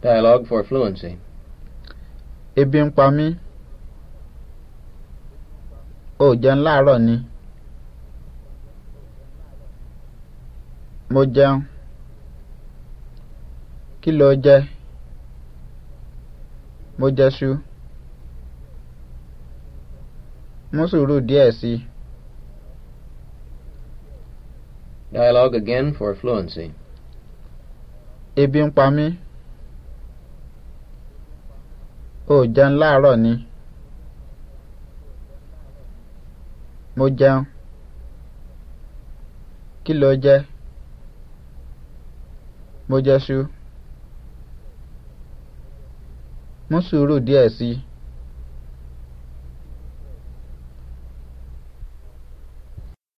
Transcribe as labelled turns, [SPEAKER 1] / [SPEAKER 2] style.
[SPEAKER 1] Dialogue for fluency. Ebi ń pa mí. Ó jẹun láàárọ̀ ni. Mo jẹun. Kí lo jẹ? Mo jẹ ṣu. Mú sùúrù díẹ̀ sí
[SPEAKER 2] Dialogue again for fluency.
[SPEAKER 1] Ebi ń pa mí o jẹun láàárọ̀ ni mo jẹun kí lo jẹ mo jẹṣu mú sùúrù díẹ̀ sí i.